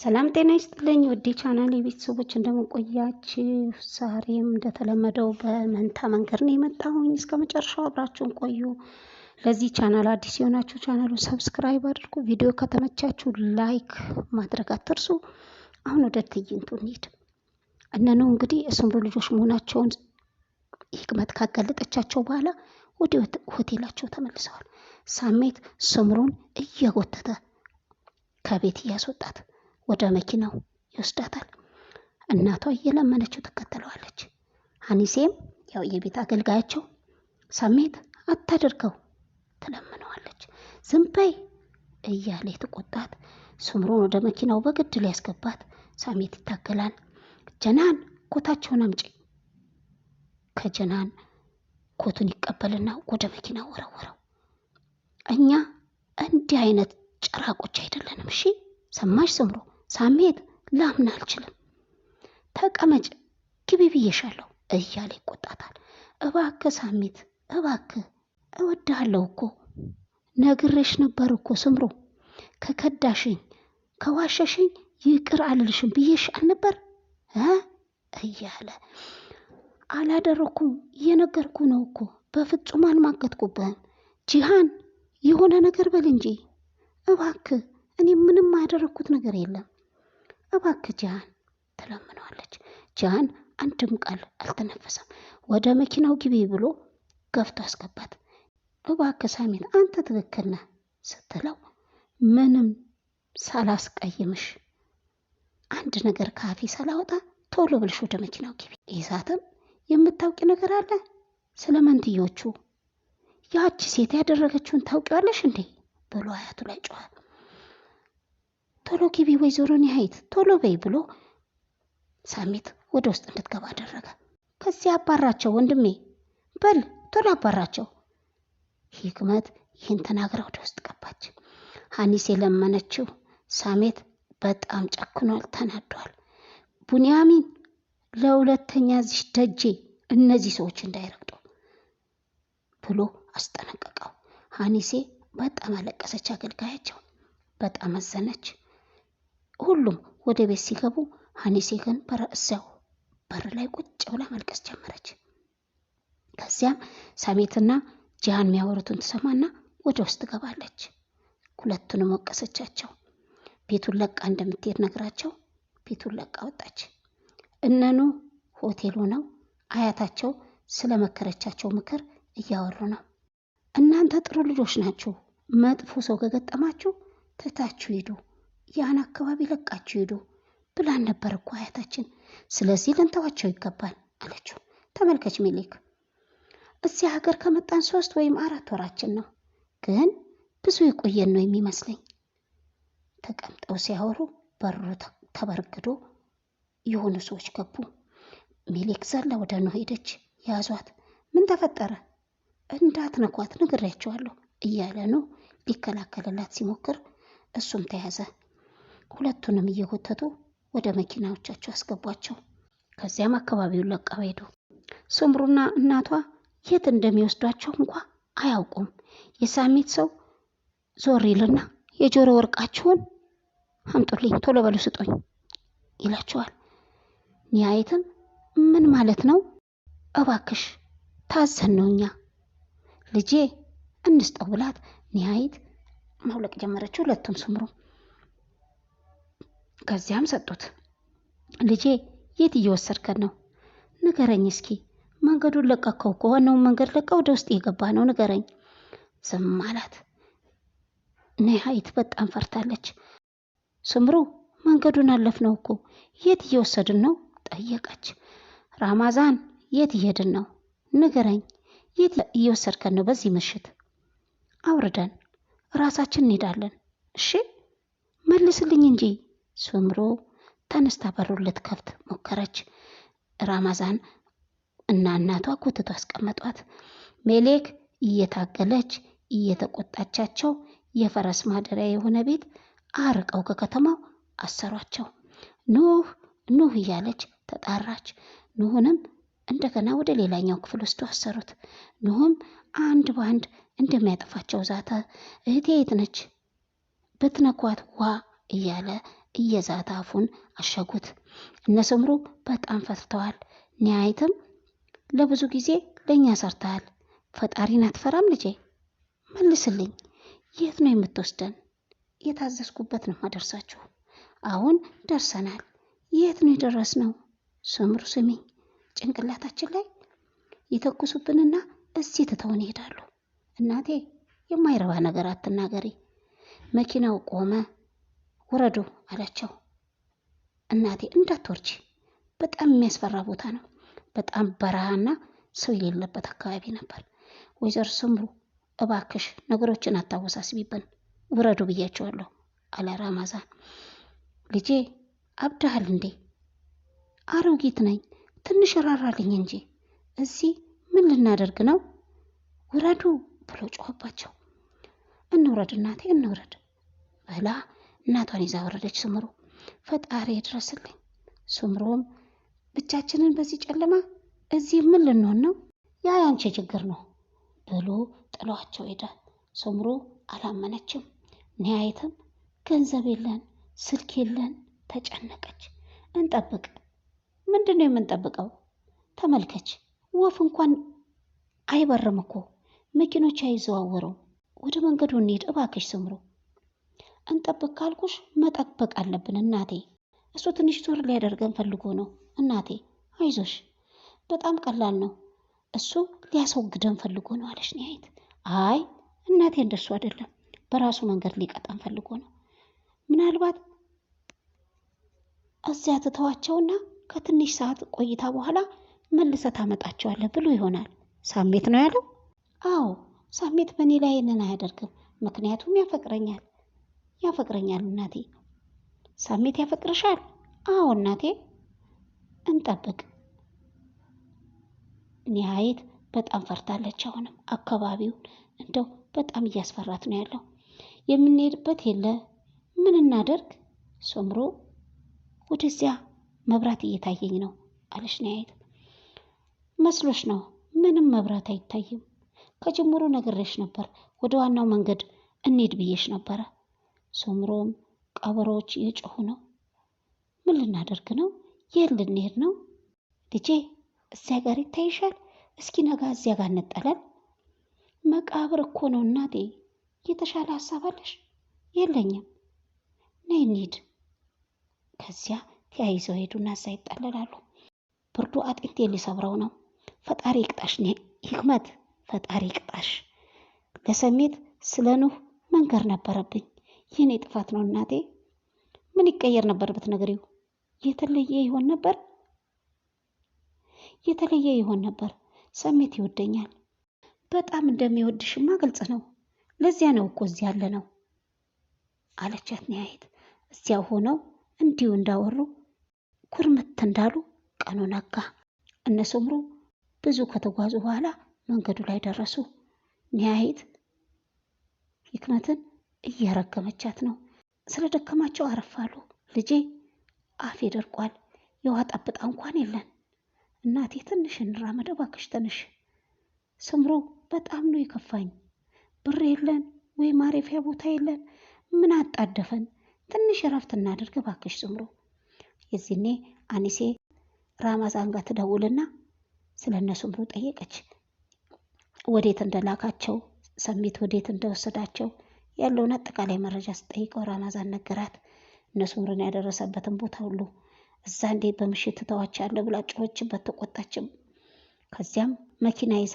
ሰላም ጤና ይስጥልኝ ውድ ቻናል የቤተሰቦች እንደምንቆያችሁ፣ ዛሬም እንደተለመደው በመንታ መንገድ ነው የመጣሁኝ። እስከ መጨረሻው አብራችሁን ቆዩ። ለዚህ ቻናል አዲስ የሆናችሁ ቻናሉን ሰብስክራይብ አድርጉ። ቪዲዮ ከተመቻችሁ ላይክ ማድረግ አትርሱ። አሁን ወደ ትዕይንቱ እንሂድ። እነነው እንግዲህ የሱምሩ ልጆች መሆናቸውን ህክመት ካጋለጠቻቸው በኋላ ወደ ሆቴላቸው ተመልሰዋል። ሳሜት ሱምሩን እየጎተተ ከቤት እያስወጣት ወደ መኪናው ይወስዳታል። እናቷ እየለመነችው ትከተለዋለች። አኒሴም ያው የቤት አገልጋያቸው ሳሜት አታደርገው ትለምነዋለች። ዝም በይ እያለ የተቆጣት ስምሮን ወደ መኪናው በግድ ሊያስገባት ሳሜት ይታገላል። ጀናን ኮታቸውን አምጪ። ከጀናን ኮቱን ይቀበልና ወደ መኪናው ወረወረው። እኛ እንዲህ አይነት ጭራቆች አይደለንም። እሺ ሰማሽ ስምሮ? ሳሜት ላምን አልችልም። ተቀመጭ ግቢ ብዬሻለሁ እያለ ይቆጣታል። እባክህ ሳሜት እባክህ እወድሃለሁ እኮ ነግሬሽ ነበር እኮ ስምሮ ከከዳሽኝ ከዋሸሽኝ ይቅር አልልሽም ብዬሽ አልነበር እያለ አላደረኩም እየነገርኩ ነው እኮ በፍጹም አልማገጥኩብህም። ጂሃን የሆነ ነገር በል እንጂ እባክህ እኔ ምንም ያደረግኩት ነገር የለም እባክህ ጃን ትለምነዋለች። ጃን አንድም ቃል አልተነፈሰም። ወደ መኪናው ግቢ ብሎ ገፍቶ አስገባት። እባክህ ሳሚን አንተ ትክክል ነህ ስትለው ምንም ሳላስቀይምሽ አንድ ነገር ካፌ ሳላወጣ ቶሎ ብልሽ ወደ መኪናው ግቢ። ይዛትም የምታውቂ ነገር አለ ስለ መንትዮቹ ያቺ ሴት ያደረገችውን ታውቂዋለሽ እንዴ ብሎ አያቱ ላይ ጮኸ። ቶሎ ግቢ ወይዘሮ ኒሀይት ቶሎ በይ ብሎ ሳሚት ወደ ውስጥ እንድትገባ አደረገ። ከዚህ አባራቸው ወንድሜ በል ቶሎ አባራቸው። ሂክመት ይህን ተናግራ ወደ ውስጥ ገባች። ሀኒስ የለመነችው ሳሜት በጣም ጨክኗል፣ ተናዷል። ቡንያሚን ለሁለተኛ ዚህ ደጄ እነዚህ ሰዎች እንዳይረግጡ ብሎ አስጠነቀቀው። ሀኒሴ በጣም አለቀሰች። አገልጋያቸው በጣም አዘነች። ሁሉም ወደ ቤት ሲገቡ ሀኒሴ ግን በራእሰው በር ላይ ቁጭ ብላ ማልቀስ ጀመረች። ከዚያም ሳሜትና ጂሃን የሚያወሩትን ትሰማና ወደ ውስጥ ትገባለች። ሁለቱንም ወቀሰቻቸው። ቤቱን ለቃ እንደምትሄድ ነግራቸው ቤቱን ለቃ ወጣች። እነኑ ሆቴሉ ነው አያታቸው ስለመከረቻቸው ምክር እያወሩ ነው። እናንተ ጥሩ ልጆች ናችሁ፣ መጥፎ ሰው ከገጠማችሁ ትታችሁ ሂዱ ያን አካባቢ ለቃችሁ ሄዱ ብላን ነበር እኮ አያታችን። ስለዚህ ልንተዋቸው ይገባል አለችው። ተመልከች ሜሊክ፣ እዚህ ሀገር ከመጣን ሶስት ወይም አራት ወራችን ነው፣ ግን ብዙ ይቆየን ነው የሚመስለኝ። ተቀምጠው ሲያወሩ በሩ ተበርግዶ የሆኑ ሰዎች ገቡ። ሚሊክ ዘላ ወደ ነው ሄደች፣ ያዟት። ምን ተፈጠረ? እንዳትነኳት ነግሬያቸዋለሁ እያለ ነው ሊከላከልላት ሲሞክር እሱም ተያዘ። ሁለቱንም እየጎተቱ ወደ መኪናዎቻቸው አስገቧቸው። ከዚያም አካባቢውን ለቀው ሄዱ። ስምሩና እናቷ የት እንደሚወስዷቸው እንኳ አያውቁም። የሳሚት ሰው ዞር ይልና የጆሮ ወርቃችሁን አምጡልኝ፣ ቶሎ በሉ ስጡኝ ይላቸዋል። ኒያየትም ምን ማለት ነው? እባክሽ ታዘን ነው እኛ ልጄ እንስጠው ብላት ኒያየት መውለቅ ጀመረች። ሁለቱም ስምሩም ከዚያም ሰጡት። ልጄ የት እየወሰድከን ነው? ንገረኝ እስኪ መንገዱን ለቀከው ከሆነው መንገድ ለቀ ወደ ውስጥ የገባ ነው ንገረኝ። ዝም አላት። ነሀይት በጣም ፈርታለች። ስምሩ መንገዱን አለፍነው እኮ የት እየወሰድን ነው ጠየቀች። ራማዛን የት እየሄድን ነው ንገረኝ፣ የት እየወሰድከን ነው በዚህ ምሽት? አውርደን ራሳችን እንሄዳለን። እሺ መልስልኝ እንጂ ስምሮ ተነስታ በሩን ልትከፍት ሞከረች። ራማዛን እና እናቷ ኮትቶ አስቀመጧት። ሜሌክ እየታገለች እየተቆጣቻቸው የፈረስ ማደሪያ የሆነ ቤት አርቀው ከከተማው አሰሯቸው። ኑህ ኑህ እያለች ተጣራች። ኑህንም እንደገና ወደ ሌላኛው ክፍል ውስጥ አሰሩት። ኑሁም አንድ በአንድ እንደሚያጠፋቸው ዛተ። እህቴ የት ነች? ብትነኳት ዋ እያለ እየዛተ አፉን አሸጉት። እነ ስምሩ በጣም ፈርተዋል። ኒያይትም ለብዙ ጊዜ ለእኛ ሰርተሃል፣ ፈጣሪን አትፈራም ልጄ? መልስልኝ። የት ነው የምትወስደን? የታዘዝኩበት ነው ማደርሳችሁ። አሁን ደርሰናል። የት ነው የደረስነው? ስምሩ ስሚ፣ ጭንቅላታችን ላይ ይተኩሱብንና እዚህ ትተውን ይሄዳሉ። እናቴ የማይረባ ነገር አትናገሪ። መኪናው ቆመ። ውረዱ አላቸው። እናቴ እንዳትወርጂ፣ በጣም የሚያስፈራ ቦታ ነው። በጣም በረሃና ሰው የሌለበት አካባቢ ነበር። ወይዘሮ ስምሩ እባክሽ ነገሮችን አታወሳስቢብን፣ ውረዱ ብያቸዋለሁ አለ ራማዛን። ልጄ አብድሃል እንዴ? አሮጊት ነኝ፣ ትንሽ ራራልኝ እንጂ እዚህ ምን ልናደርግ ነው? ውረዱ ብሎ ጮኸባቸው። እንውረድ እናቴ እንውረድ ብላ እናቷን ይዛ ወረደች። ስምሩ ፈጣሪ ድረስልኝ ስምሩም ብቻችንን በዚህ ጨለማ እዚህ ምን ልንሆን ነው? ያ ያንቺ ችግር ነው ብሎ ጥሏቸው ሄደ። ስምሩ አላመነችም። ኒያይትም ገንዘብ የለን፣ ስልክ የለን፣ ተጨነቀች። እንጠብቅ ምንድን ነው የምንጠብቀው? ተመልከች፣ ወፍ እንኳን አይበርም እኮ መኪኖች አይዘዋወረው ወደ መንገዱ እንሂድ እባክሽ ስምሩ እንጠብቅ ካልኩሽ መጠበቅ አለብን እናቴ። እሱ ትንሽ ዞር ሊያደርገን ፈልጎ ነው እናቴ። አይዞሽ፣ በጣም ቀላል ነው። እሱ ሊያስወግደን ፈልጎ ነው አለሽ ኒያይት። አይ እናቴ፣ እንደሱ አይደለም። በራሱ መንገድ ሊቀጣን ፈልጎ ነው። ምናልባት እዚያ ትተዋቸውና ከትንሽ ሰዓት ቆይታ በኋላ መልሰ ታመጣቸዋለህ ብሎ ይሆናል። ሳሜት ነው ያለው? አዎ ሳሜት በእኔ ላይ ይህንን አያደርግም፣ ምክንያቱም ያፈቅረኛል። ያፈቅረኛል እናቴ። ሳሜት ያፈቅርሻል? አዎ እናቴ። እንጠብቅ። ኒሀይት በጣም ፈርታለች። አሁንም አካባቢውን እንደው በጣም እያስፈራት ነው ያለው። የምንሄድበት የለ ምን እናደርግ? ሶምሮ ወደዚያ መብራት እየታየኝ ነው አለሽ ኒሀይት። መስሎሽ ነው? ምንም መብራት አይታይም። ከጀምሮ ነግሬሽ ነበር፣ ወደ ዋናው መንገድ እንሄድ ብዬሽ ነበረ። ሶምሮም ቀበሮዎች እየጮሁ ነው። ምን ልናደርግ ነው? የት ልንሄድ ነው? ልጄ እዚያ ጋር ይታይሻል። እስኪ ነጋ እዚያ ጋር እንጠለል። መቃብር እኮ ነው እናቴ። የተሻለ ሀሳብ አለሽ? የለኝም። ነይ እንሂድ። ከዚያ ተያይዘው ሄዱና እዛ ይጠለላሉ። ብርዱ አጥንቴ ሊሰብረው ነው። ፈጣሪ ይቅጣሽ ህክመት፣ ፈጣሪ ይቅጣሽ። ለሰሜት ስለ ኑህ መንገር ነበረብኝ። የኔ ጥፋት ነው እናቴ። ምን ይቀየር ነበር ብትነግሪው? የተለየ ይሆን ነበር፣ የተለየ ይሆን ነበር። ሰሜት ይወደኛል። በጣም እንደሚወድሽማ ግልጽ ነው። ለዚያ ነው እኮ እዚህ ያለ ነው አለቻት ኒያየት። እዚያው ሆነው እንዲሁ እንዳወሩ ኩርምት እንዳሉ ቀኑ ነጋ። እነ ስምሩ ብዙ ከተጓዙ በኋላ መንገዱ ላይ ደረሱ። ኒያየት ህክመትን እያረገመቻት ነው። ስለ ደከማቸው አረፋሉ። ልጄ አፌ ደርቋል፣ የውሃ ጠብጣ እንኳን የለን። እናቴ ትንሽ እንራመድ እባክሽ ትንሽ። ስምሮ በጣም ነው የከፋኝ። ብር የለን ወይ ማረፊያ ቦታ የለን። ምን አጣደፈን? ትንሽ እረፍት እናደርግ እባክሽ ስምሮ። የዚህኔ አኒሴ ራማዛን ጋር ትደውልና ስለ እነ ስምሮ ጠየቀች። ወዴት እንደላካቸው ሰሚት ወዴት እንደወሰዳቸው ያለውን አጠቃላይ መረጃ ስጠይቀው ራማዛን ነገራት። እነሱ ምርን ያደረሰበትን ቦታ ሁሉ እዛ እንዴ በምሽት ትተዋቻለሁ ብላ ጮኸችበት፣ ተቆጣችም። ከዚያም መኪና ይዛ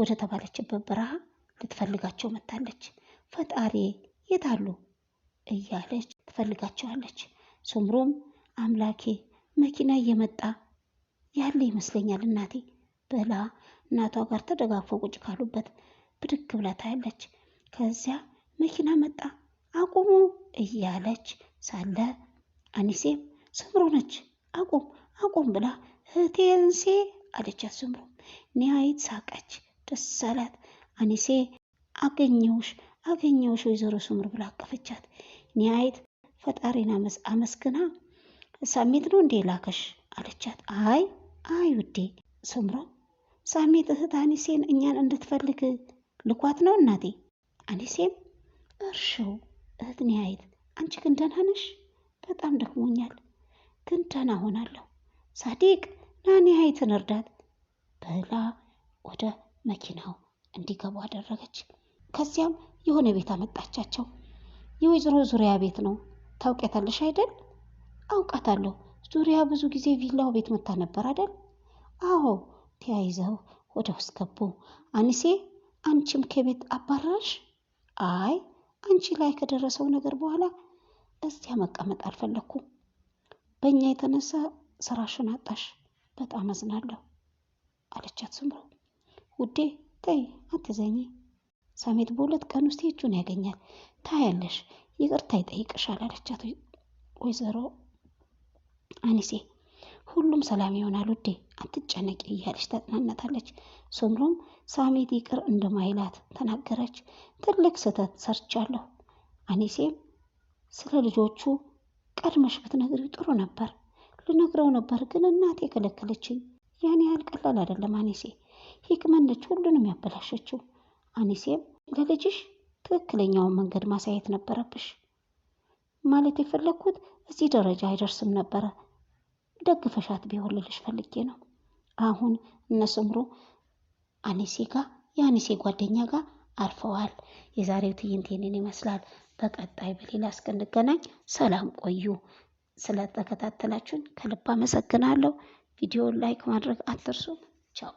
ወደ ተባለችበት በረሃ ልትፈልጋቸው መታለች። ፈጣሪ የት አሉ እያለች ትፈልጋቸዋለች። ሱምሩም አምላኬ መኪና እየመጣ ያለ ይመስለኛል እናቴ ብላ እናቷ ጋር ተደጋግፎ ቁጭ ካሉበት ብድግ ብላ ታያለች። ከዚያ መኪና መጣ አቁሙ እያለች ሳለ አኒሴም ስምሮ ነች አቁም አቁም ብላ እህቴንሴ አለቻት። ስምሮ ኒያይት ሳቀች፣ ደስ አላት። አኒሴ አገኘውሽ አገኘውሽ ወይዘሮ ስምር ብላ አቀፈቻት። ኒያይት ፈጣሪን አመስግና ሳሜት ነው እንዴ ላከሽ አለቻት። አይ አይ ውዴ ስምሮ ሳሜት እህት አኒሴን እኛን እንድትፈልግ ልኳት ነው እናቴ። አኒሴም እርሺው እህትን ያየት አንቺ ግን ደህና ነሽ? በጣም ደክሞኛል ግን ደህና ሆናለሁ። ሳዲቅ ናኒ ያየትን እርዳት ብላ ወደ መኪናው እንዲገቡ አደረገች። ከዚያም የሆነ ቤት አመጣቻቸው። የወይዘሮ ዙሪያ ቤት ነው። ታውቂያታለሽ አይደል? አውቃታለሁ። ዙሪያ ብዙ ጊዜ ቪላው ቤት መታ ነበር አይደል? አዎ። ተያይዘው ወደ ውስጥ ገቡ። አኒሴ አንቺም ከቤት አባረረሽ? አይ አንቺ ላይ ከደረሰው ነገር በኋላ እዚያ መቀመጥ አልፈለግኩም። በእኛ የተነሳ ስራሽን አጣሽ። በጣም አዝናለሁ አለቻት ስምሮ ውዴ ተይ አትዘኚ። ሳሜት በሁለት ቀን ውስጥ እጁን ያገኛል ታያለሽ፣ ይቅርታ ይጠይቅሻል አለቻት ወይዘሮ አኒሴ። ሁሉም ሰላም ይሆናል ውዴ አትጨነቂ እያለች ታጽናናታለች። ሱምሩም ሳሜት ይቅር እንደማይላት ተናገረች። ትልቅ ስህተት ሰርቻለሁ። አኔሴም ስለ ልጆቹ ቀድመሽ ብትነግሪ ጥሩ ነበር። ልነግረው ነበር ግን እናቴ የከለከለችኝ። ያን ያህል ቀላል አይደለም አኔሴ። ሂክመት ነች ሁሉንም ያበላሸችው። አኔሴም ለልጅሽ ትክክለኛውን መንገድ ማሳየት ነበረብሽ። ማለት የፈለግኩት እዚህ ደረጃ አይደርስም ነበረ ደግፈሻት ቢሆን ልልሽ ፈልጌ ነው። አሁን እነስምሩ አኒሴ ጋር የአኒሴ ጓደኛ ጋር አርፈዋል። የዛሬው ትዕይንት ይህንን ይመስላል። በቀጣይ በሌላ እስክንገናኝ ሰላም ቆዩ። ስለተከታተላችሁን ከልብ አመሰግናለሁ። ቪዲዮን ላይክ ማድረግ አትርሱ። ቻው